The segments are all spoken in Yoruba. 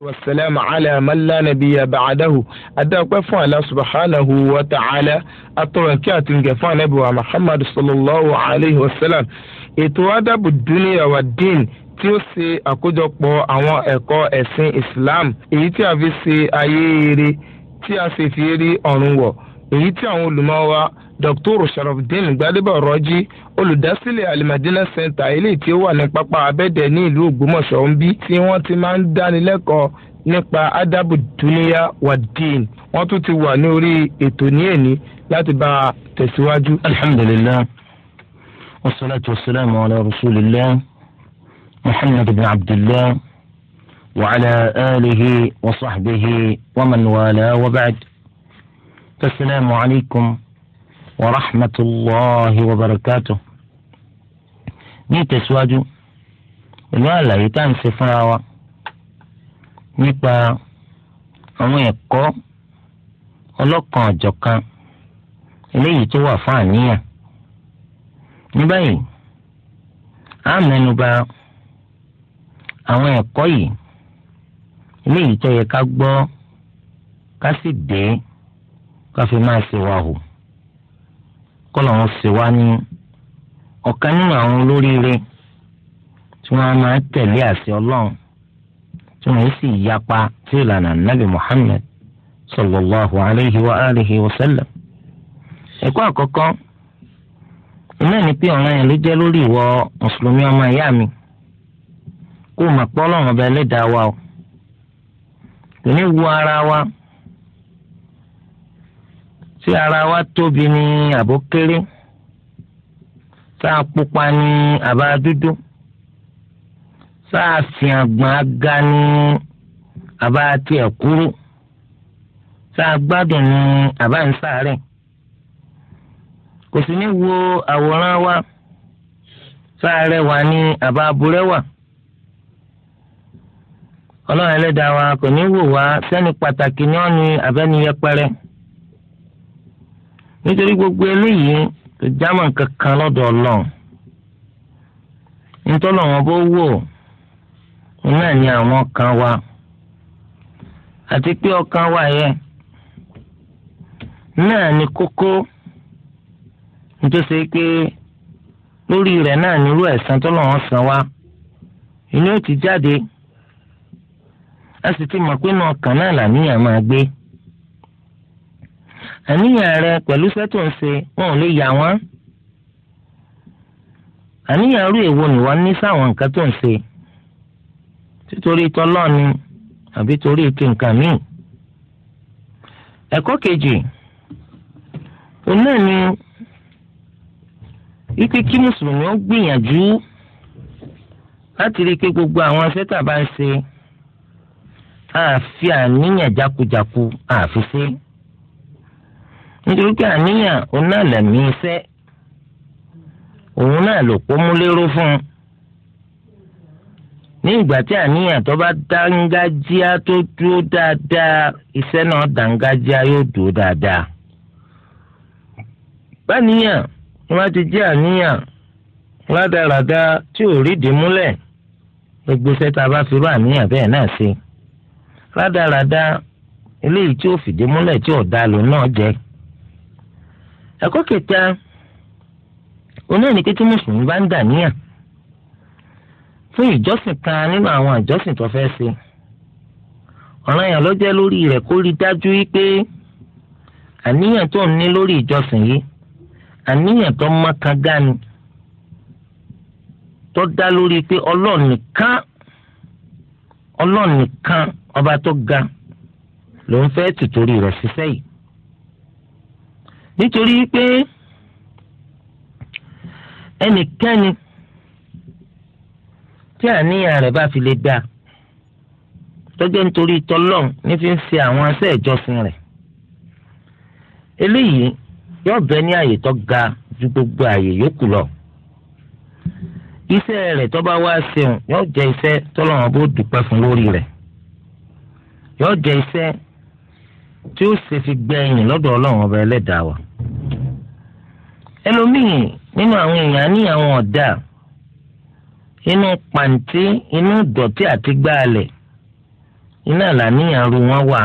wasalaamu ala mala nabiya bacdahu adakpe fún ala subhanahu wa ta'ala atọwẹkẹ àti ngẹ fún anabi wa muhammad sallallahu alayhi wa sallam ètò adabu duniya wa din tí ó ṣe àkójọpọ̀ àwọn ẹ̀kọ́ ẹ̀sìn islam èyí tí a fi ṣe ayé eré tí a sì fi rí ọ̀run wọ̀ èyí tí àwọn olùmọ̀ wa dr sharafdin gbadebo rọjí olùdásílẹ̀ alimadina center eléyìí tí ó wà ní pápá abẹ́dẹ̀ ní ìlú ògbómọ̀ṣọ́ ń bí tí wọ́n ti máa ń dánilẹ́kọ̀ọ́ nípa adabu duniya wadin wọ́n tún ti wà ní orí ètò ní èní láti bá a tẹ̀síwájú. alhamdulilayi wasalaatu wasalaamu ala rasulilayi muhammad bin abdullahi wa ala alihi wa sahbihi wa man wala wa ba'd. asalaamu alaykum. warahmatulahi wabarakatu. ní ìtẹ̀síwájú pẹ̀lú àlàyé tá à ń ṣe fúnra wa nípa àwọn ẹ̀kọ́ ọlọ́kan ọ̀jọ̀kan eléyìí tó wà fún àníyàn. ní báyìí a mẹ́nuba àwọn ẹ̀kọ́ yìí eléyìí tó yẹ ká gbọ́ ká sì fi máa ṣe kọ́ làwọn sì wá ní ọ̀kan nínú àwọn olóríire tí wọ́n máa tẹ̀lé àṣẹ ọlọ́run tí wọ́n sì yapa sí ìlànà nabi muhammed sallallahu alayhi wa alihi wa sallam. ẹ̀kọ́ àkọ́kọ́ iná ni pé ọ̀ràn yẹn ló jẹ́ lórí ìwọ mùsùlùmí ọmọ ìyá mi kó o mà pọ́ ọlọ́run ọba ẹlẹ́dàá wa o ara wa. tí ara wa tóbi ní àbó kéré sáà pupa ní àbá dúdú sáà fìyàgbọ́n aga ní àbá tiẹ̀ kúrú sáà gbádùn ní àbá nsàárẹ̀ kò sí ní wo àwòrán wa sáà rẹwà ní àbá burẹ́wà ọlọ́run ẹlẹ́dàá wa kò ní wò wá sẹ́ni pàtàkì ní ọ̀nì abẹ́ni yẹpẹrẹ. nítorí gbogbo eléyìí kò jámọ́ kankan lọ́dọ̀ ọlọ́run nítorí àwọn bó wò náà ni àwọn kan wa àti pé ọkàn wa yẹn náà ni kókó nítorí pé lórí rẹ̀ náà nírú ẹ̀san tó lọ́wọ́ san wa inú ó ti jáde a sì ti mọ̀ pé náà ọkàn náà làníyàn máa gbé. àníyàn rẹ pẹ̀lú sẹ́tò ń ṣe wọn ò lè yà wọ́n àníyàn rú èwo nìwọ ní sáwọn nǹkan tó ń ṣe títorí tọ́lọ́ ni àbí torí ti nǹkan míì ẹ̀kọ́ kejì òun náà ni wípé kí mùsùlùmí ó gbìyànjú láti rí i pé gbogbo àwọn sẹ́tà bá ń ṣe àfi àníyàn jákujàku àfi ṣe. nítorí pé àníyàn òun náà lẹ̀mí iṣẹ́ òun náà lò pọ́ múléró fún un ní ìgbà tí àníyàn tó bá dángájíá tó dúró dáadáa iṣẹ́ náà dángájíá yóò dúró dáadáa. báníyàn ni wọ́n ti jẹ́ àníyàn rádaràda tí ò rídìí múlẹ̀ gbogbo iṣẹ́ tá a bá fi rú àníyàn bẹ́ẹ̀ náà ṣe rádaràda eléyìí tí ò fìdí múlẹ̀ tí ò dá lò náà ẹ̀kọ́ kẹta oní ẹni pé tí mùsùlùmí bá ń dà níyà fún ìjọsìn kan nínú àwọn ìjọsìn tó fẹ́ ṣe ọ̀ràn yẹn ló jẹ́ lórí rẹ̀ kó rí dájú wípé àníyàn tó ń ní lórí ìjọsìn yìí àníyàn tó mọ́ kan tó dá lórí pé ọlọ́run nìkan ọba tó ga ló ń fẹ́ tìtorí rẹ̀ ṣiṣẹ́ yìí nítorí pé ẹnikẹ́ni tí àníyàn rẹ̀ bá fi lè dáa tọ́jọ́ nítorí tọ́lọ́n ní fi ń ṣe àwọn aṣẹ́ ìjọsìn rẹ̀ eléyìí yóò bẹ ní àyè tó ga ju gbogbo àyè yòókù lọ iṣẹ́ rẹ̀ tó bá wá ṣeun yóò jẹ́ iṣẹ́ tọ́lọ́wọ́n bó dúpẹ́ fún lórí rẹ̀ yóò jẹ́ iṣẹ́ tí ó ṣe fi gbẹ̀yìn lọ́dọ̀ ọlọ́run ọba ẹlẹ́dàá wa. ẹlòmíì nínú àwọn èèyàn ní àwọn ọ̀dà inú pàǹtí inú dọ̀tí àti gbáàlẹ̀ iná làníyàn ru wọn wà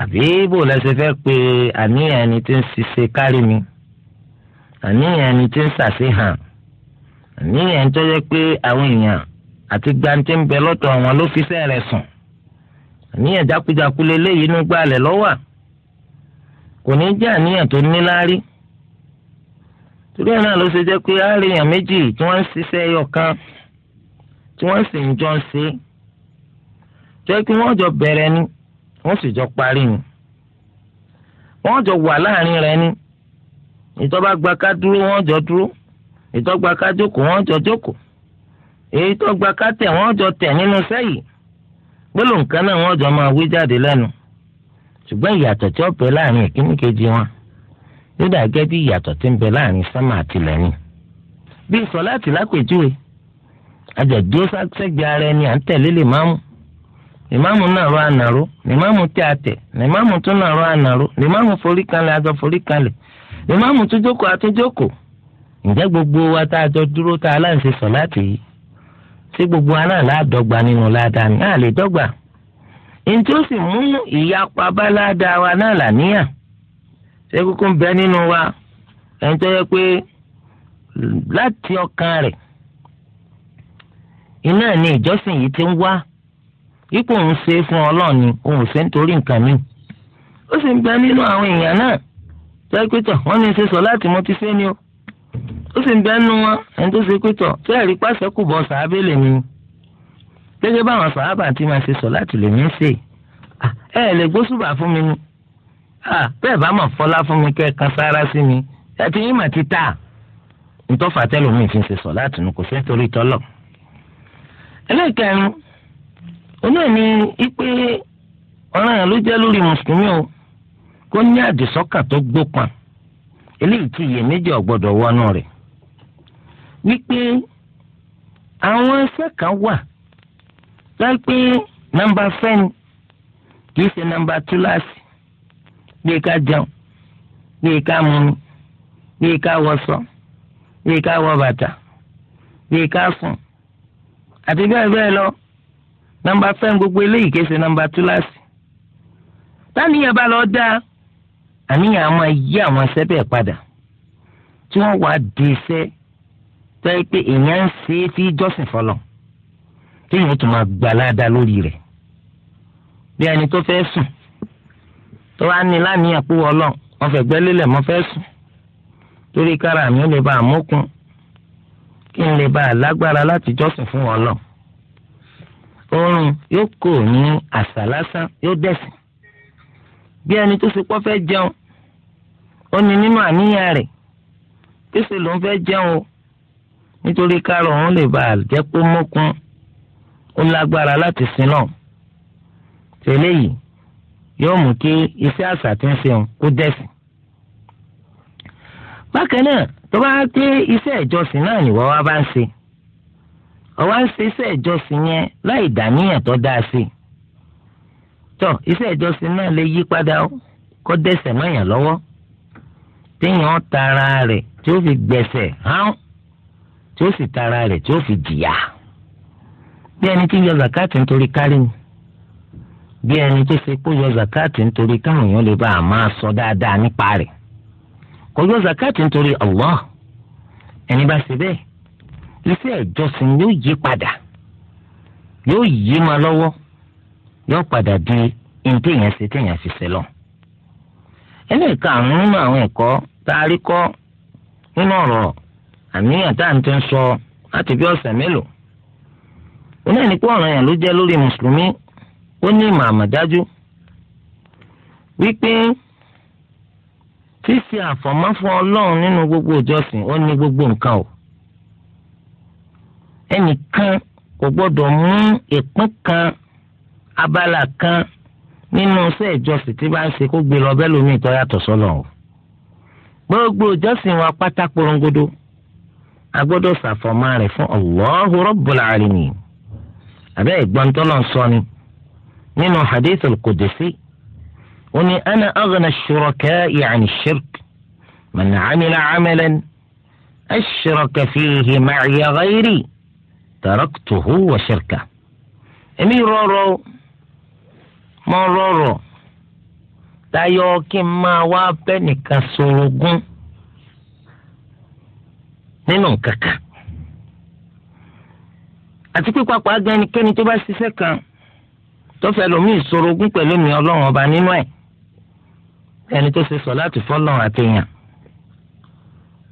àbí bò lẹsẹ fẹ́ pé àníyàn ẹni tí ń ṣiṣẹ́ kárí mi àníyàn ẹni tí ń ṣàṣehàn àníyàn tó yẹ pé àwọn èèyàn àti gbanti ń bẹ lọ́tọ̀ wọn ló fi sẹ́rẹ̀ sùn àníyàn jákujáku leléyìí inú gbàlẹ̀ lọ́wọ́ kò ní jẹ́ àníyàn tó níláárí torí ẹ̀ náà ló ṣe jẹ́ pé àárẹ̀yàn méjì tí wọ́n ń ṣiṣẹ́ ẹyọ kan tí wọ́n sì ń jọ ń ṣe é jẹ́ pé wọ́n jọ bẹ̀rẹ̀ ni wọ́n sì jọ parí ni wọ́n jọ wà láàrin rẹ̀ ni ìtọ́ba gba ká dúró wọ́n jọ dúró ìtọ́gba ká jókòó wọ́n jọ jókòó èyí tọ́gba ká tẹ̀ wọ́n jọ tẹ̀ nínú sẹ́yìn gbólóhùn kan náà wọ́n jọ máa wí jáde lẹ́nu ṣùgbọ́n ìyàtọ̀ tí ó bẹ láàrin ìkíní kejì wọn yóò gẹ́gẹ́ bí ìyàtọ̀ tí ń bẹ láàrin sámà àti lẹ́yìn bí sọ láti lápèjúwe àjọ̀dún sẹ́gbẹ̀ẹ́ ara ẹni à ń tẹ̀lé lè ìmáàmù náà rọ ànàró ìmáàmù gbogbo wa tá a jọ dúró tá a láǹṣe sọ tí gbogbo aná ládọ́gba nínú ládàá ni àlè dọ́gba ntí ó sì mú ìyapa bá ládàá wa náà làníyàn ṣé kúkú ń bẹ nínú wa ẹni tó yẹ pé láti ọkàn rẹ̀ iná ni ìjọsìn yìí ti ń wá ipò òun ṣe fún ọlọ́ọ̀ni òun ṣe nítorí nǹkan mi ó sì ń bẹ nínú àwọn èèyàn náà tó yẹ pé tọ̀ wọ́n ní í ṣe láti mú ti ṣe ni o. ó sì ń bẹ́nu wọn ẹni tó ṣe pétọ̀ tí ẹ̀rí pàṣẹ kù bọ́ sàábé lèmi gẹ́gẹ́ báwọn sàábà ti máa ṣe sọ láti lèmi ṣe ẹ ẹ lè gbósùbà fún mi ni bẹ́ẹ̀ bá mọ̀ fọlá fún mi kẹ́ ẹ kan sára sí mi ẹ ti yín mà ti tà ntọ́fà tẹ́lómi fi ṣe sọ láti nu kò sí nítorí tọ́lọ̀ ẹlẹ́kẹ̀rin oní ẹni ipe ọ̀ràn ló jẹ́ lórí mùsùlùmí o kó ní àdìsọ́kàn tó gbópọn eléyìí tí iyèméjì ọ̀gbọ́dọ̀ wọnú rẹ̀ wípé àwọn ẹsẹ̀ kan wà láìpẹ́ nọ́mbà fẹ́ni kì í ṣe nọ́mbà túláàsì bí ká jẹun bí ká mumi bí ká wọṣọ bí ká wọ bàtà bí ká sùn àti bẹ́ẹ̀ bẹ́ẹ̀ lọ nọ́mbà fẹ́ni gbogbo eléyìí kì ṣe nọ́mbà túláàsì táníyàn bá lọ dáa àníyàn á máa yí àwọn iṣẹ́ bẹ́ẹ̀ padà tí wọ́n wá di iṣẹ́ tó yẹ pé èèyàn ń ṣe é tí jọ́sìn fọlọ̀ tí èèyàn tún máa gbà ládàá lórí rẹ̀ bí ẹni tó fẹ́ sùn tó wá ní láníyàn pé wọ́n lọ wọ́n fẹ́ gbẹ́lélẹ̀ mọ́ fẹ́ sùn torí kára mi ó lè bá àmókun kí n lè bá àlágbára láti jọ́sìn fún wọn lọ oorun yóò kò ní àṣà lásán yóò dẹ̀sìn bí ẹni tó ṣe pọ́ fẹ́ jẹun ó ní nínú àníyàn rẹ̀ kéṣe ló ń fẹ́ jẹun o nítorí kárọ̀ òun lè bàa jẹ́ pé mọ́kún ó lágbára láti sin náà tẹ́lẹ̀ yìí yóò mú kí iṣẹ́ àṣà tí ń ṣeun kó dẹ̀sìn. bákan náà tó bá dé iṣẹ́ ìjọsìn náà nìwọ́ wá bá ń ṣe ọ̀wá ń ṣe iṣẹ́ ìjọsìn yẹn láì dàníyàn tó dáa sí i tọ iṣẹ́ ìjọsìn náà lè yí padà ó kó dẹ̀ṣẹ̀ mọ́yàn lọ́wọ́ téèyàn tara rẹ̀ tí ó fi gbẹ̀ṣẹ̀ hàn tí ó sì tara rẹ̀ tí ó fi jìyà bí ẹni tí yọ zakati nítorí kárí ni bí ẹni tó ṣe kó yọ zakati nítorí káwọn èèyàn lè bá a máa sọ dáadáa nípa rẹ̀ kò yọ zakati nítorí Allah ẹni bá ṣe bẹ́ẹ̀ iṣẹ́ ìjọsìn yóò yí padà yóò yí ma lọ́wọ́ yóò padà di ìtẹ̀yàn ṣe tẹ̀yàn fi ṣe lọ. ẹnì karùn-ún nínú àwọn ẹ̀kọ́ tá a rí kọ́ nínú ọ̀rọ̀ àníyàn tá à ń tẹ́ ń sọ láti bí ọ̀sẹ̀ mélòó. oní ẹni ọ̀ràn yẹn ló jẹ́ lórí mùsùlùmí ó ní ìmọ̀ àmọ̀dájú wípé fífi àfọ̀mọ́ fún ọlọ́run nínú gbogbo ìjọsìn ó ní gbogbo nǹkan o ẹnìkan kò gbọdọ̀ mú ìpín kan abala kan nínú iṣẹ́ ìjọsìn tí bá ń ṣe kó gbé lọ bẹ́ẹ̀ lómi ìtọ́ yàtọ̀ sọ́nà o gbogbo ìjọsìn wa pátá porongodo a gbọ́dọ̀ ṣàfọ̀mọ́ rẹ̀ fún Allahu Rabbul Alamin abẹ́ ìgbọ́n tọ́lọ̀ ń sọ ni nínú hadithul qudsi ó ní ana aghna ash-shuraka'i 'an ash-shirk man 'amila 'amalan ashraka fihi ma'iya ghayri taraktuhu wa shirkahu èmi rọrọ mọ rọrọ tayọ kí n máa wá bẹ nìkan sorogún nínú nǹkan kan àti pípapọ̀ agbẹnikẹ́ni tó bá ṣiṣẹ́ kan tó fẹ́ lomi ìsorogún pẹ̀lú mi ọlọ́run ọba nínú ẹ̀ ẹni tó ṣe sọ láti fọ́lọ́run àti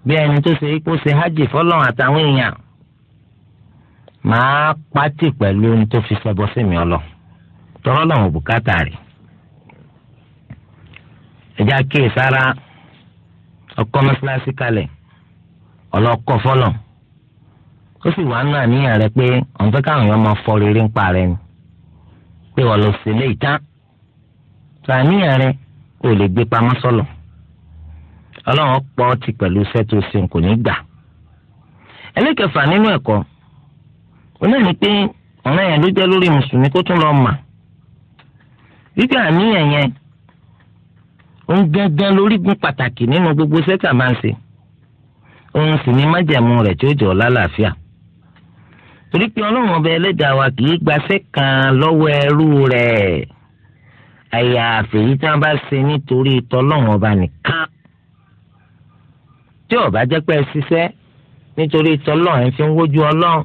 bí ẹni tó ṣe ṣe hajj fọ́lọ́run àtàwọn èèyàn pátì pẹ̀lú ẹni tó fi ṣẹbọ tọrọ làwọn bùkátà rẹ̀ ẹjá kíyè sára ọkọ mọ́sálásí kalẹ̀ ọlọkọ fọlọ ó sì wá náà níyàn rẹ̀ pé òun fẹ́ káwọn èèyàn máa fọ rere ń pa rẹ̀ ni pé wọ́n lọ sí ilé ìtàn sàníyàn rẹ̀ kò lè gbé pamọ́ sọ̀lọ̀ ọlọ́run pọ̀ ti pẹ̀lú iṣẹ́ tó ṣe kò ní gbà ẹlẹ́kẹ̀fà nínú ẹ̀kọ́ ó náà ní pé ọ̀ràn yẹn ló jẹ́ lórí mùsùlùmí kó tún lọ́ọ́ mà wípé àníyàn yẹn ń gángan lórígun pàtàkì nínú gbogbo sẹ́tà máa ń ṣe òun sì ní májẹ̀mú rẹ̀ tí ó jọ lálàáfíà torí pé ọlọ́run ọba ẹlẹ́dàá wa kì í gbaṣẹ́ kan lọ́wọ́ ẹrú rẹ̀ Àyà èyí tí wọ́n bá ṣe nítorí tọ́lọ́run ọba nìkan tí ó bá jẹ́ pé ẹ ṣiṣẹ́ nítorí tọ́lọ́run ẹ fi ń wójú ọlọ́run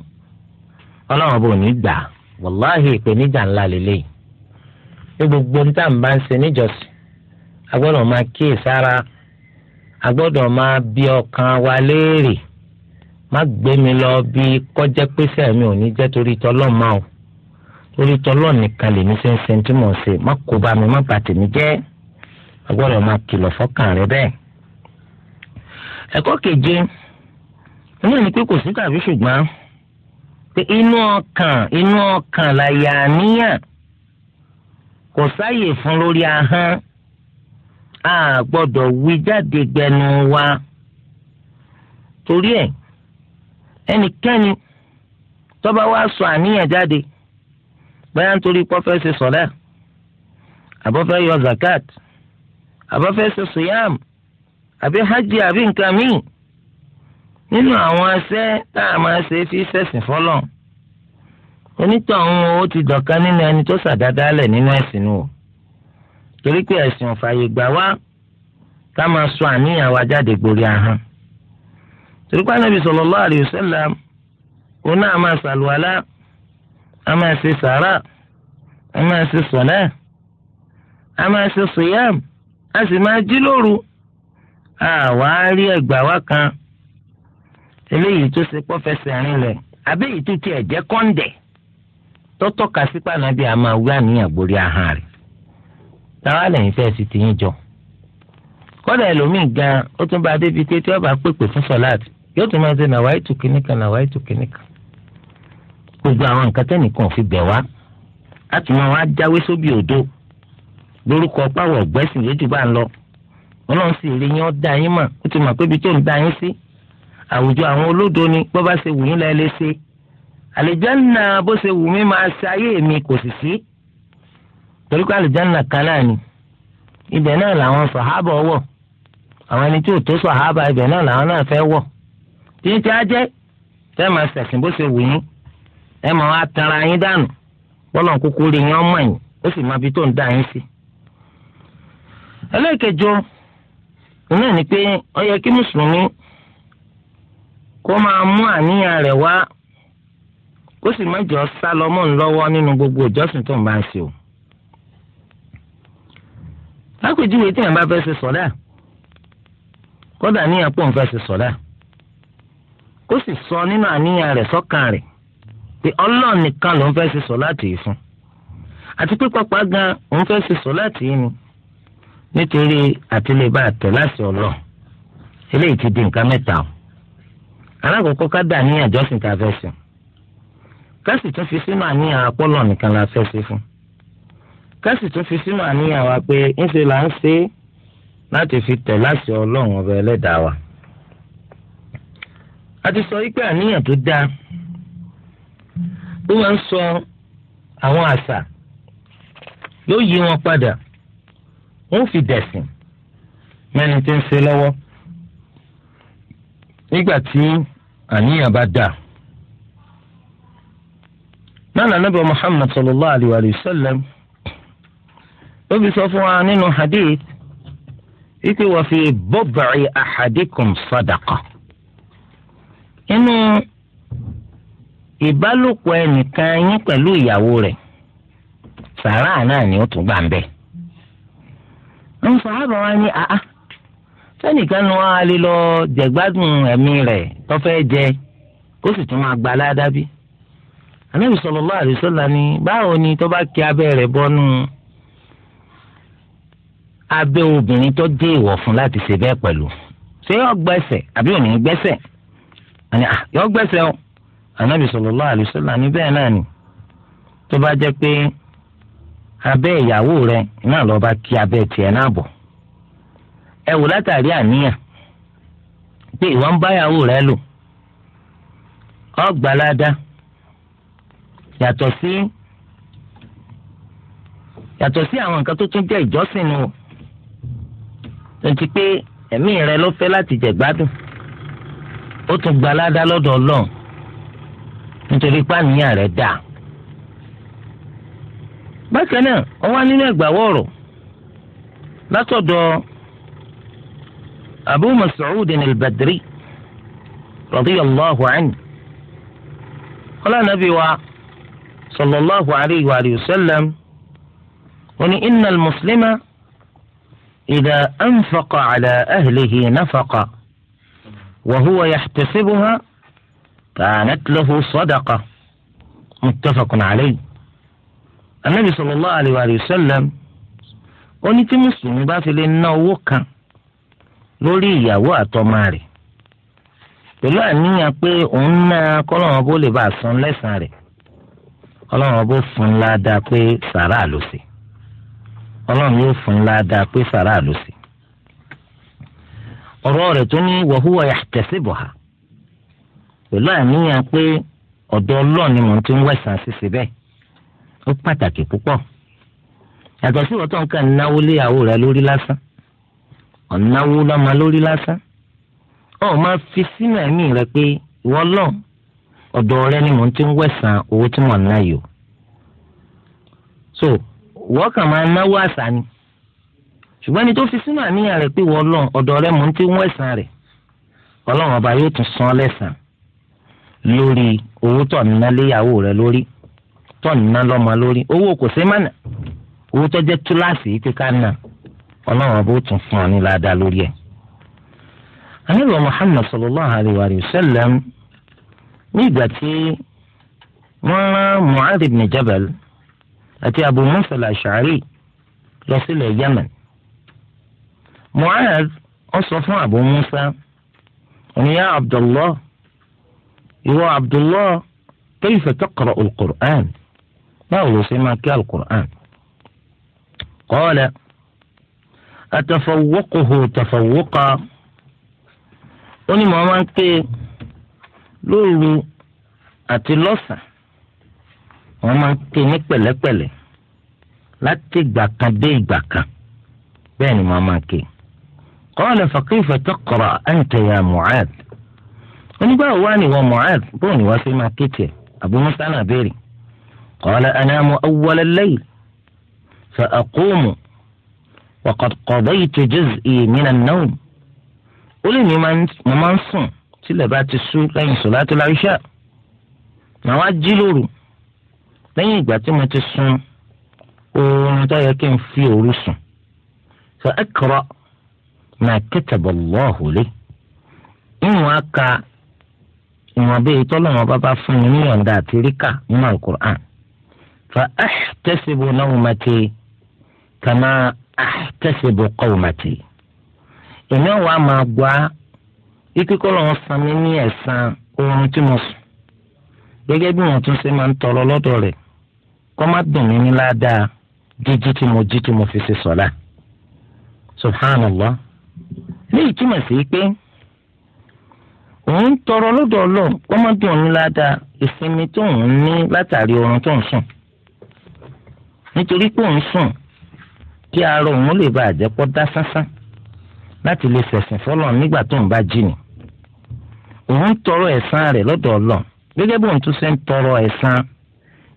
ọlọ́run ọba ò ní gbà wàláhì ìpèníjà ńlá lélẹ́yìí pé gbogbo níta ń bá ń ṣe níjọsìn a gbọ́dọ̀ máa kíyè sára a gbọ́dọ̀ máa bi ọkàn wa léèrè má gbé mi lọ bí kọjá pèsè mi ò ní jẹ́ torí tọlọ́ọ̀ máa o torí tọlọ́ọ̀ nìkan lèmi ṣe ń ṣe tí mò ń ṣe má kó bá mi má bà tèmi jẹ́ a gbọ́dọ̀ máa kìlọ̀ fọ́kàn rẹ bẹ́ẹ̀. ẹ̀kọ́ keje inú ni pé kò sí tàbí ṣùgbọ́n pé inú ọkàn inú ọkàn la yà á níyàn kò sáàyè fún lórí ahọ́n a gbọ́dọ̀ wí jáde gbẹnu wa torí ẹ̀ ẹnikẹ́ni tó wa wá sọ àníyàn jáde bóyá nítorí pọ́fẹ́ ṣe sọ̀lẹ́ àbọ̀fẹ́ yọ zakat àbọ̀fẹ́ ṣe sùyàm àbí hajj àbí nǹkan míì nínú àwọn asẹ́ tá a máa ṣe fi ṣẹ̀sìn fọ́lọ́n onítọ̀ àwọn ó ti dọ̀kan nínú ẹni tó sàdádálẹ̀ nínú ẹ̀sìn nù o torí pé ẹ̀sìn ọ̀fàyè gbà wá ká máa sọ àníyàn wa jáde gborí ahọ́n torí pé anábì sallallahu alaihi wasallam òun náà máa ṣàlùwàlá a máa ṣe sàárà a máa ṣe sọ̀lá a máa ṣe sùyàm a sì máa jí lóru àwa rí ẹgbà wa kan eléyìí tó ṣe pọ́ fẹsẹ̀ rinlẹ̀ àbẹ́yìí tó tiẹ̀ jẹ́ kọ́ńdẹ̀ tọ́tọ́ka sípà nàbí a máa wí àníyàn gborí ahọ́n rẹ̀ táwa lẹ́yìn fẹ́ sí tiyín jọ. kọ́dà ẹlòmíì gan ó tún bá débi pé tí wọ́n bá pèpè fún sọ́láàtì yóò tún máa ṣe nàwáyé tù kìnnìkan nàwáyé tù kìnnìkan. gbogbo àwọn nǹkan tẹ́nìkan fi bẹ̀ wá láti máa wá jáwé sóbì òdo lórúkọ páwọ̀ ọ̀gbẹ́sìn yéjú bá ń lọ. wọn náà sì rí yín ó dá yín mọ̀ ó ti mọ̀ pé ibi tó ń dá yín sí àwùjọ àwọn olódo ni bọ́ bá ṣe wù yín lẹ́ẹ́lẹ́sẹ̀ àlìjánà bó ṣe wù mí máa ṣe ayé mi kò sì sí torí pé àlìjánà kan náà ni ibẹ̀ náà làwọn sàhábà wọ̀ àwọn ẹni tí ò tó sọ̀hábà ibẹ̀ náà làwọn náà fẹ́ wọ̀ tí ń tí á jẹ́ tẹ́ máa ṣẹ̀sìn bó ṣe wù yín ẹ máa wá tara yín dànù kúkú rí yín ọmọ yín ó sì máa fi tó kó sì má jọ sá nínú gbogbo ìjọsìn tó ń bá ń o. lápèjúwe tí bá fẹ́ ṣe sọ̀dá kódà níyàn pọ̀ ń fẹ́ sọ̀dá sọ nínú àníyàn rẹ̀ sọ́kàn rẹ̀ pé ọlọ́run nìkan ló ń fẹ́ fún àti pé pápá gan òun fẹ́ ni nítorí o alákòókò ká dà kásì tún fi sínú àníyàn apọ́lọ̀ nìkan la fẹ́ ṣe fún kásì tún fi sínú àníyàn wa pé ńṣe là ń ṣe láti fi tẹ̀ láti ọlọ́run ọba ẹlẹ́dàá wa. a ti sọ wípé àníyàn tó dáa ó máa ń sọ àwọn àṣà yóò yí wọn padà wọ́n fi dẹ̀sìn mẹ́ni tí ń ṣe lọ́wọ́ nígbà tí àníyàn bá dáa. nana nabi muhammad sallallahu alayhi wa sallam ó so sọ fún hadith wípé wà fi bọ́bàrì ahadikum sadaqa inú ìbálòpọ̀ ẹnìkan yín pẹ̀lú ìyàwó rẹ̀ sàrà náà ni ó tún gbà ń bẹ̀. ń sàábà wa ní àá sẹ́nìkan nu wa lè lọ jẹ̀gbádùn ẹ̀mí rẹ̀ tó anabi sallallahu lọ wasallam ni báwo ni tó bá kí abẹ́ rẹ̀ bọ́nú abẹ́ obìnrin tó dé ìwọ̀ fún láti ṣe bẹ́ẹ̀ pẹ̀lú ṣé yọ gbẹ́sẹ̀ àbí òní gbẹ́sẹ̀ àní yọ gbẹ́sẹ̀ o anabi sallallahu lọ wasallam ni bẹ́ẹ̀ náà ni tó bá jẹ́ pé abẹ́ ìyàwó rẹ̀ náà lọ bá kí abẹ́ tiẹ̀ náà bọ̀ ẹ wò látàrí àníyàn pé ìwọ ń bá ìyàwó rẹ̀ lò ọ gbàládá. yàtọ̀ sí yàtọ̀ sí àwọn nǹkan tó tún jẹ́ ìjọsìn nù tó ti pé ẹ̀mí rẹ ló fẹ́ láti jẹ gbádùn ó tún gba aládá lọ́dọ̀ ọlọ́run nítorí pàníyàn rẹ̀ dà bákan náà ó wá nínú ẹ̀gbàwọ́ ọ̀rọ̀ látọ̀dọ̀ abu mas'ud al-badri radiyallahu anhu qala nabi wa. صلى الله عليه وآله وسلم وني إن المسلم إذا أنفق على أهله نفقة وهو يحتسبها كانت له صدقة متفق عليه النبي صلى الله عليه وآله وسلم وني تي مسلم بافل إنه كان lórí ìyàwó àtọmọ rẹ̀ pẹ̀lú àníyàn pé òun náà kọlọrun bó lè bá a san lẹ́san rẹ̀ ọlọ́run bó fún ńlá dáa pé sàrà ló sí ọlọ́run yóò fún ńlá dáa pé sàrà ló ọ̀rọ̀ rẹ̀ tó ní wàhúwà yahtasibuha pẹ̀lú àníyàn pé ọ̀dọ̀ ọlọ́run ni mò ń ti wẹ̀sán síse bẹ́ẹ̀ ó pàtàkì púpọ̀ yàtọ̀ sí ìwọ́tọ̀ nǹkan náwó rẹ lórí lásán ọ̀náwó lọ́mọ lórí lásán fi sínú ẹ̀mí rẹ pé ni mò ti wẹ̀sán owó tí mò ń ná so wọ́n kàn máa náwó àṣà ni ṣùgbọ́n ẹni tó fi sínú àníyàn rẹ̀ pé wọ́n lọ ọ̀dọ̀ rẹ mò ń tí wọ́n ẹ̀sán rẹ̀ ọlọ́run ọba yóò tún san lẹ́sàn lórí owó tó ń ná léyàwó rẹ̀ lórí tó ń ná lọ́mọ lórí owó kò sí mánà owó tó jẹ́ túláàsì yìí pé ká nà ọlọ́run ọba ó tún fún ọ ní ládàá lórí ẹ̀. àníbọ̀ Muhammad sallallahu alayhi wa sallam ní ìgbà tí wọ́n rán Mu'adh ibn àti Abu Musa al-Ash'ari lọ sílẹ̀ Yemen Mu'adh ó sọ fún Abu Musa oníyà Abdullah ìwọ Abdullah kayfa taqra'u al-Qur'an báwo ló ṣe máa kí al-Qur'an qala atafawwaquhu tafawwaqa ó ní mọ̀ máa ń ké lóru àti lọ́sàn-án. wọ́n máa ń ké ní pẹ̀lẹ́pẹ̀lẹ́ láti ìgbà kan dé ìgbà kan bẹ́ẹ̀ ni wọ́n máa ń ké. qala faqifa taqra anta ya Mu'adh onígbàwọ̀ wá ní wọ́n Mu'adh bóun ni wọ́n fi máa ké tiẹ̀ Abu náà béèrè. قال أنام أول الليل فأقوم وقد قضيت جزئي من النوم قولي ممن صن تلا بات السوق لين صلاة العشاء نواجي لورو lẹ́yìn ìgbà tí mo ti sun oorun tó yẹ kí n fi òru sùn fa iqra ma kataba Allahu li ìwọ̀n aka ìwọ̀n bẹ́ẹ̀ tọ́lọ́wọ́n bá bá fún mi ní ọ̀dà àti ríkà nínú alukur'an fa ahtasibu nawmati máa gbọ́ ikíkọ́ lọ́wọ́ ní oorun tí mo sùn gẹ́gẹ́ bí wọ́n tún ṣe máa ń tọrọ lọ́dọ̀ kọ́má dùn mí ní ládàá jíjí tí mo jí tí mo fi ṣe sọ̀lá subhanallah léyìí túmọ̀ sí pé òun tọrọ lọ́dọ̀ ọlọ́ kọ́má dùn ní ládàá ìsinmi tó ń ní látàrí oorun tó ń sùn nítorí pé òun sùn kí ara òun lè bá àjẹpọ̀ dá sánsán láti lè ṣẹ̀sìn fọlọ́ nígbà tó ń bá jí ni òun tọrọ ẹ̀san rẹ̀ lọ́dọ̀ ọlọ́ gẹ́gẹ́ bí òun tún ṣe ń tọrọ ẹ̀san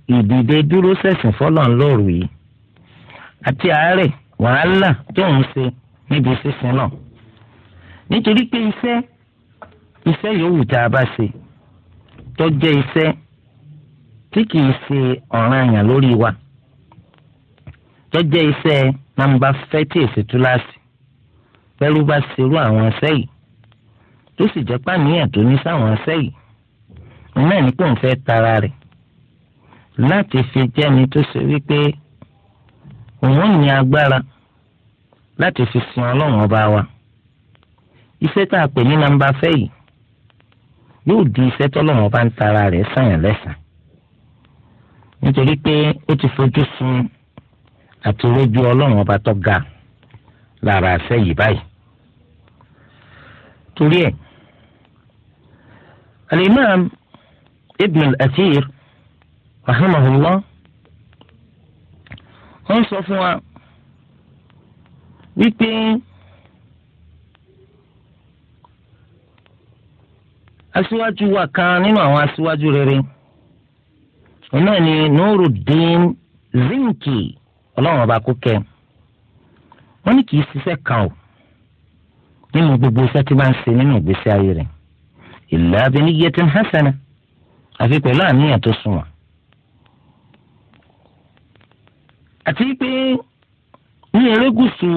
ìdìde dúró ṣẹ̀sìn fọ́lọ́n lóru yìí àti àárẹ̀ wàhálà tó ń ṣe níbi sísin náà nítorí pé iṣẹ́ iṣẹ́ yòówù tá a bá ṣe tó jẹ́ iṣẹ́ tí kìí ṣe ọ̀ranyàn lórí wa tó jẹ́ iṣẹ́ nàmbà fẹ́tì èsì túláàsì pẹ̀lú bá ṣerú àwọn iṣẹ́ yìí tó sì jẹ́ pàníyàn tó ní sáwọn iṣẹ́ yìí náà ní kò ń fẹ́ tara rẹ̀ láti fi jẹ́ni tó ṣe wípé òun ní agbára láti fi sin ọlọ́run ọba wa iṣẹ́ tá a pè ní nàmbà fẹ́ yìí yóò di iṣẹ́ tọ́lọ́run ọba ń tara rẹ̀ sàyàn lẹ́sàn nítorí pé ó ti fojú sun àti rójú ọlọ́run ọba tó ga lára àṣẹ yìí báyìí torí ẹ̀ alimam ibn al-athir rahimahullah wọ́n sọ fún wa wípé aṣíwájú wa kan nínú àwọn aṣíwájú rere òun náà ni Nuruddin Zinki ọlọ́run ọba kúkẹ́ wọ́n ní kì í ṣiṣẹ́ kan o nínú gbogbo iṣẹ́ tí bá ń ṣe nínú ìgbésí ayé rẹ̀ illa bi niyyatin hasana àfi pẹ̀lú àníyàn tó sunwọ̀n àti pé ní erékùsù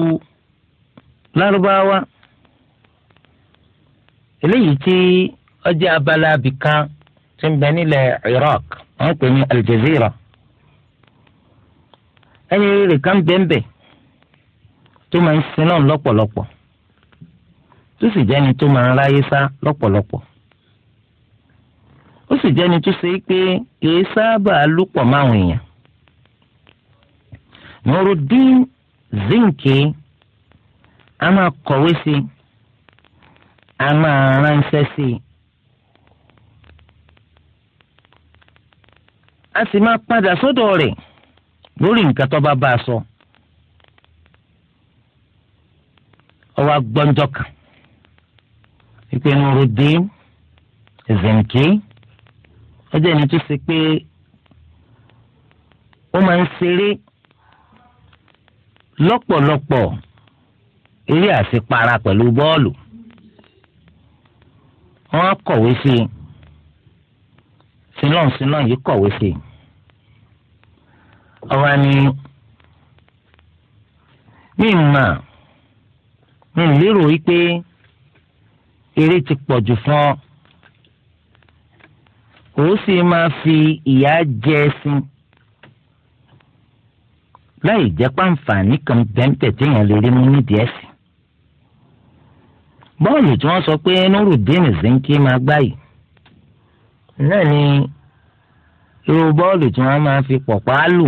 lárúbáwá eléyìí tí ọjọ́ abala abìkan ti ń nílẹ̀ Iraq wọ́n pè ní Aljazeera ẹni kan bẹ́ẹ̀nbẹ́ẹ̀ tó máa ń sin náà lọ́pọ̀lọpọ̀ tó sì jẹ́ni tó máa ń ráyé sá lọ́pọ̀lọpọ̀ ó sì jẹ́ni tó Nuruddin Zinki a máa kọ̀wé sí i a máa ránṣẹ́ sí i a sì máa padà sọ́dọ̀ rẹ̀ lórí nǹkan tó bá bá a sọ. ọwọ́ agbọ́njọ́ kan ìpè Nuruddin Zinki ó jẹ́ ẹni tó ṣe pé ó máa ń ṣeré lọ́pọ̀lọpọ̀ eré àṣepara pẹ̀lú bọ́ọ̀lù wọ́n kọ̀wé sí i sinọ́n sinọ́n yìí kọ̀wé sí i ọba ni mí mà mí lérò wípé eré ti pọ̀ jù fún ọ òun sì máa fi ìyà jẹ ẹṣin láì jẹ́ pàǹfààní kan bẹ́ńtẹ̀ téèyàn lè rí mú nídìí ẹ̀sìn. bọ́ọ̀lù tí wọ́n sọ pé nurudeen zinke máa gbá yìí náà ni irú bọ́ọ̀lù tí wọ́n máa fi pọ̀pá lù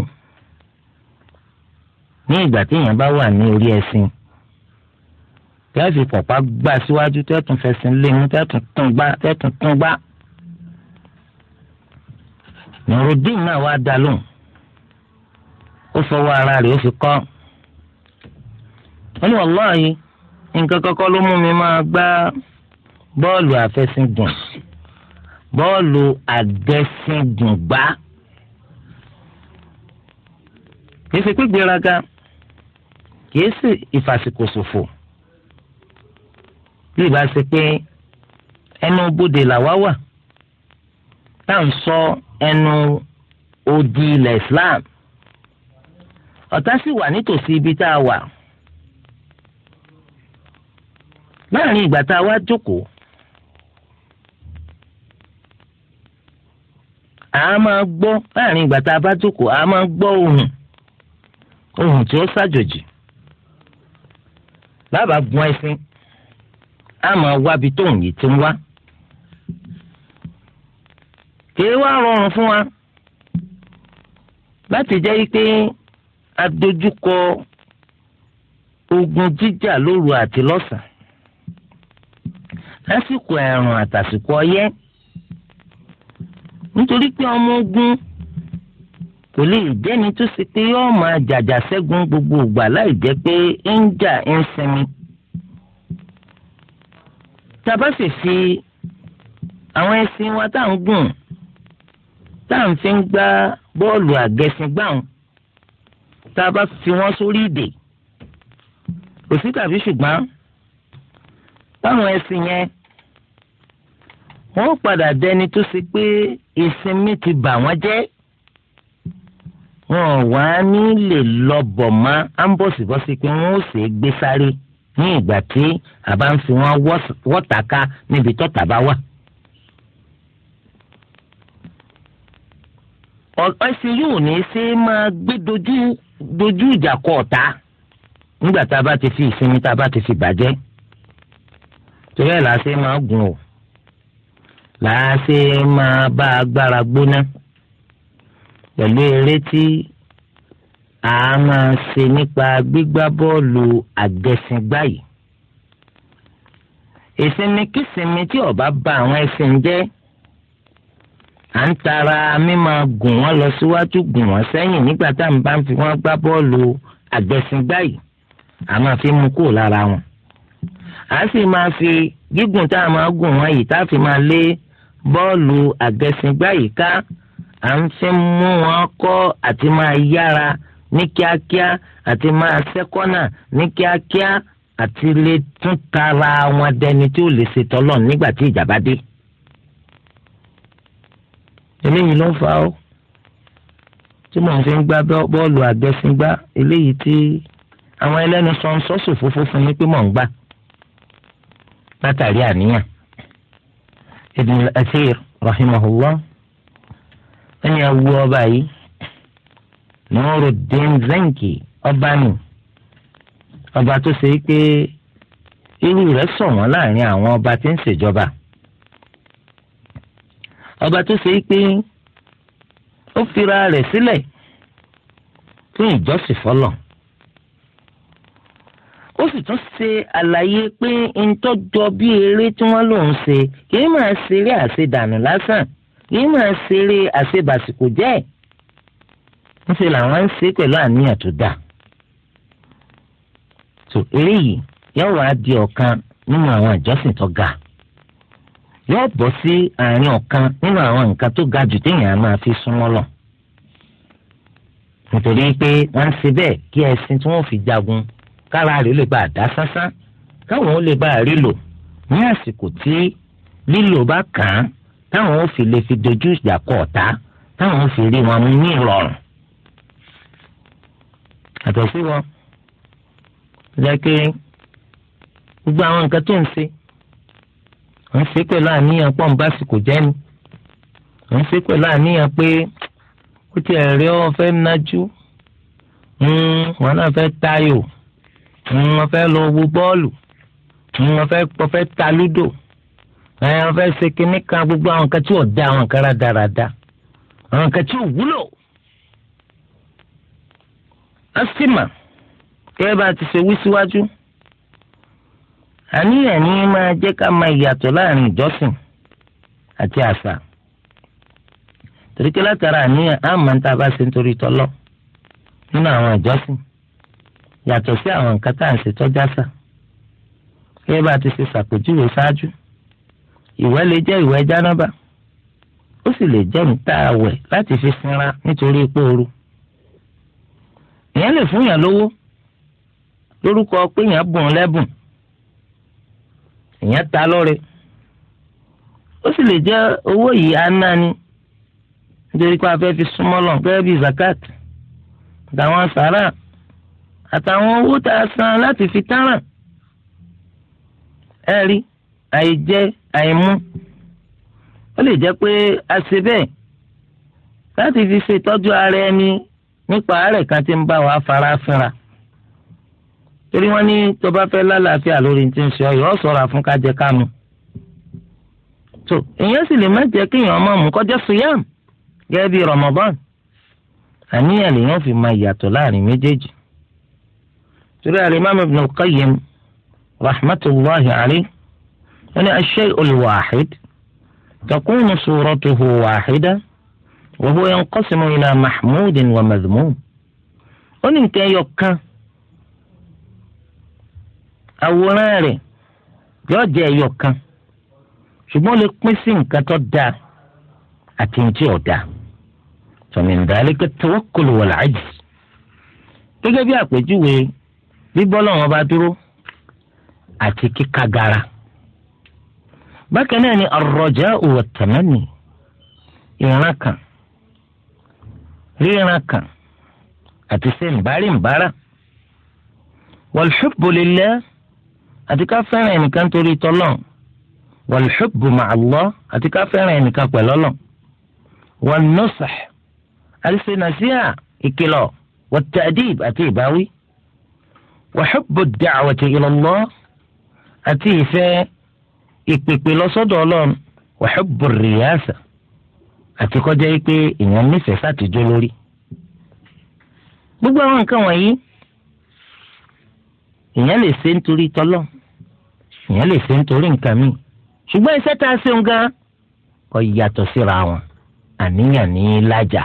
ní ìgbà téèyàn bá wà ní orí ẹ̀sìn tẹ́ fi pọ̀pá gbà síwájú tẹ́ tún fẹsẹ̀ lé tún gbá tẹ́ tún gbá. nurudeen náà wá dá lóhùn ó fọwọ́ ara rẹ̀ ó fi kọ́ ó ní wàláhì nǹkan kọ́kọ́ ló mú mi máa gbá bọ́ọ̀lù àfẹsíngùn bọ́ọ̀lù àdẹ́síngùn gbá kìí ṣe pígbéraga kìí ṣe ìfàsìkòṣòfò bí ìbá ṣe pé ẹnu bodè làwa wà tá à ń sọ ẹnu odi ilẹ̀ Islam ọ̀tá sì wà nítòsí ibi tá a wà láàrin ìgbà tá a wá jókòó a máa gbọ́ láàrin ìgbà tá a bá jókòó a máa gbọ́ ohùn ohùn tí ó ṣàjòjì bàbá gun ẹṣin a máa wábi tóun yìí ti ń wá kì í rọrùn fún wa láti jẹ́ pé adójúkọ ogun jíjà lóru àti lọ́sàn-án lásìkò ẹ̀rùn àtàsìkò ọyẹ́ nítorí pé ọmọ ogun kò lè jẹ́ni tó ṣe pé yóò máa jàjà ṣẹ́gun gbogbo ìgbà láì jẹ́ pé ń jà ń sinmi. tàbá fi àwọn ẹṣin wa tá à ń gùn tá à ń fi ń gbá bọ́ọ̀lù àgẹṣin gbáhùn tá a bá fi wọ́n sórí ìdè kò sí tàbí ṣùgbọ́n táwọn ẹṣin yẹn wọ́n padà dẹni tó ṣe pé ìsinmi ti bà wọ́n jẹ́ wọn wá ní lè lọ bọ̀ mọ́ ámbọ̀sibọ́sí pé wọ́n ó ṣe gbé sáré ní ìgbà tí a bá ń fi wọ́n wọ́tàká níbi tọ́tà bá wà. ẹsìn yóò ní ṣe máa gbé dojú dojú ìjà kọ ọ̀tá nígbà tá a bá ti fi ìsinmi tá a bá ti fi bàjẹ́ torí ẹ̀ là á ṣe máa gùn o là á máa bá agbára gbóná pẹ̀lú eré tí a máa ṣe nípa gbígbá bọ́ọ̀lù àjẹsìngbá yìí ìsinmi kìsinmi tí ọba ba àwọn ẹsìn jẹ́ à ń tara mímọ gùn wọn lọ síwájú gùn wọn sẹ́yìn nígbà tá à ń bá ń fi wọn gbá bọ́ọ̀lù àgbẹ̀sìngbá yìí a máa fi mú kúrò lára wọn. a sì máa fi gígùn tá a máa gùn wọn yìí tá a fi máa lé bọ́ọ̀lù àgbẹ̀sìngbá yìí ká à ń fi mú wọn kọ́ àti máa yára ní kíákíá àti máa ṣẹ́kọ́nà ní kíákíá àti lè tún tara wọn dẹni tí ó lè ṣètọ́lọ̀ nígbà tí ìjà bá dé eléyìí ló ń fa ó tí mò ń fi ń gbá bọ́ọ̀lù àgbẹ̀sìngbá eléyìí tí àwọn ẹlẹ́nu sọ ń sọ́sù fúnfún fún mi pé mò ń gbà látàrí àníyàn Ibn al-Athir rahimahullah ẹni awu ọba yìí Nuruddin Zanki ọba nù ọba tó ṣe é pé irú rẹ̀ sọ wọ́n láàrin àwọn ọba tí ń ṣèjọba. ọba tó ṣe pé ó fira rẹ̀ sílẹ̀ fún ìjọsìn fọlọ̀ ó sì tún ṣe àlàyé pé ntọ́jọ bí eré tí wọ́n lò ń ṣe kìí máa ṣeré àṣedànù lásán kìí máa ṣeré àṣebàṣìkò jẹ́ ń ṣe làwọn ń ṣe pẹ̀lú àníyàn tó eré di ọ̀kan nínú àwọn ìjọsìn tó ga. yóò bọ́ sí àárín ọ̀kan nínú àwọn nǹkan tó ga jù téèyàn máa fi súnmọ́ lọ. nítorí pé wọ́n ń ṣe bẹ́ẹ̀ kí ẹṣin tí wọ́n fi jagun kára rẹ̀ lè bá a dá sánsán káwọn ó lè bá a rí lò ní àsìkò tí lílò bá kàn án táwọn ó fi lè fi dojú ìjà kọ ọ̀tá táwọn ó fi rí wọn mú ní ìrọ̀rùn. àtẹ̀sí wọn gbogbo àwọn nǹkan tó ń ṣe wọ́n ṣe pẹ̀lú àníyàn pọ̀ ń bá sìkò jẹ́ ni wọ́n ṣe pẹ̀lú àníyàn pé ó ti ẹ̀rẹ́ ọ fẹ́ nájú wọn náà fẹ́ tayò wọn fẹ́ lọ wo bọ́ọ̀lù wọn fẹ́ pọ̀ fẹ́ ta lúdò wọn fẹ́ ṣe kinní kan gbogbo àwọn kan tí ò da àwọn kan rádaràda àwọn kan tí ò wúlò. asima kẹ́ẹ́ ti ṣe wí síwájú. Si àníyàn ni máa jẹ́ ká máa yàtọ̀ láàrin ìjọsìn àti àṣà torí látara àníyàn á máa ń tá a bá ṣe nítorí tọ́lọ́ nínú àwọn ìjọsìn yàtọ̀ sí àwọn nǹkan tá à ń ṣe tọ́já sà kí bá a ti ṣe ṣàpèjúwe ṣáájú ìwẹ̀ lè jẹ́ ìwẹ̀ jánábà ó sì lè jẹ́ níta àwẹ̀ láti fi sinra nítorí ipò ooru èèyàn lè fún yàn lówó lórúkọ èèyàn ta lọ́rẹ̀ ó sì lè jẹ́ owó yìí anáni nítorí pé a fẹ́ fi súnmọ́ lọ gẹ́gẹ́ bí zakat àtàwọn sàrà àtàwọn owó tá a san láti fi táràn ẹ rí àìjẹ àìmú ó lè jẹ́ pé a ṣe bẹ́ẹ̀ láti fi ṣètọ́jú ara ẹni nípa àárẹ̀ kan tí ń bá wa fara fínra torí wọ́n ní tó bá fẹ́ lálàáfíà lórí ti ń ṣe ọ yọ sọ̀rọ̀ àfún ká jẹ kámu tó èèyàn sì lè má jẹ kéèyàn má mú kọjá suyam gẹ́gẹ́ bí Ramadan àníyàn lèèyàn fi máa yàtọ̀ láàrin méjèèjì torí al-Imam Ibn al-Qayyim rahmatullahi alayhi wọ́n ní ash-shay'u al-wahid takunu suratuhu wahida wa huwa yanqasimu ila mahmudin wa madhmum ó ní nǹkan ẹyọ kan àwòrán rẹ̀ yóò jẹ́ ẹyọ kan ṣùgbọ́n ó lè pín sí nǹkan tó dáa àti ní tí ò dáa tọ̀mìn dàlíkẹ́ tawakkul wal ajz gẹ́gẹ́ bí àpèjúwe bíbọ́ lọ́wọ́n bá dúró àti kíkagara bákan náà ni ar-raja'u wat ìran kan ríran kan àti sẹ́ńbárìǹbára wal hubbu lillah àti ká fẹ́ràn ẹnìkan torí tọ́lọ̀ wàlúhùbù màlọ́ àti ká fẹ́ràn ẹnìkan pẹ̀lọ́lọ̀ wàlúnọ́sà àti nàṣíà ìkìlọ̀ wàtàdìb àti ìbáwí wàhùbù dàwàtì ìlọ́lọ́ àti ìfẹ́ ìpèpè lọ́sọ́dọ̀ ọlọ́run wàhùbù rìyàsà àti kọjá yìí pé èèyàn nífẹ̀ẹ́ sátìjọ́ lórí gbogbo àwọn nǹkan wọ̀nyí èèyàn lè ṣe nítorí tọ́lọ́run èèyàn lè ṣe nítorí nǹkan mi ṣùgbọ́n iṣẹ́ tá a ṣe ń gan kò yàtọ̀ síra wọn àníyàn ní lájà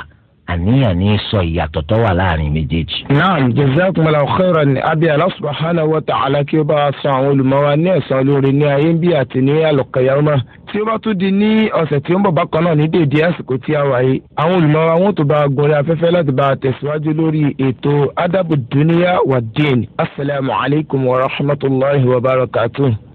àníyàn ní sọ ìyàtọ̀ tó wà láàrin méjèèjì. naam jazakumullahu khairan ni abi Allah subhanahu wa ta'ala kí ó bá wa san àwọn olùmọ̀wá ní ẹ̀san olóore ní ayé bí àti ní àlùkàyàmọ́ tí ó bá tún di ní ọ̀sẹ̀ tí ó ń bọ̀ bákan náà ní dèédé àsìkò tí a wà yìí àwọn olùmọ̀wá wọn tó bá a gọrí afẹ́fẹ́ láti bá a tẹ̀síwájú lórí ètò adabu duniya wa din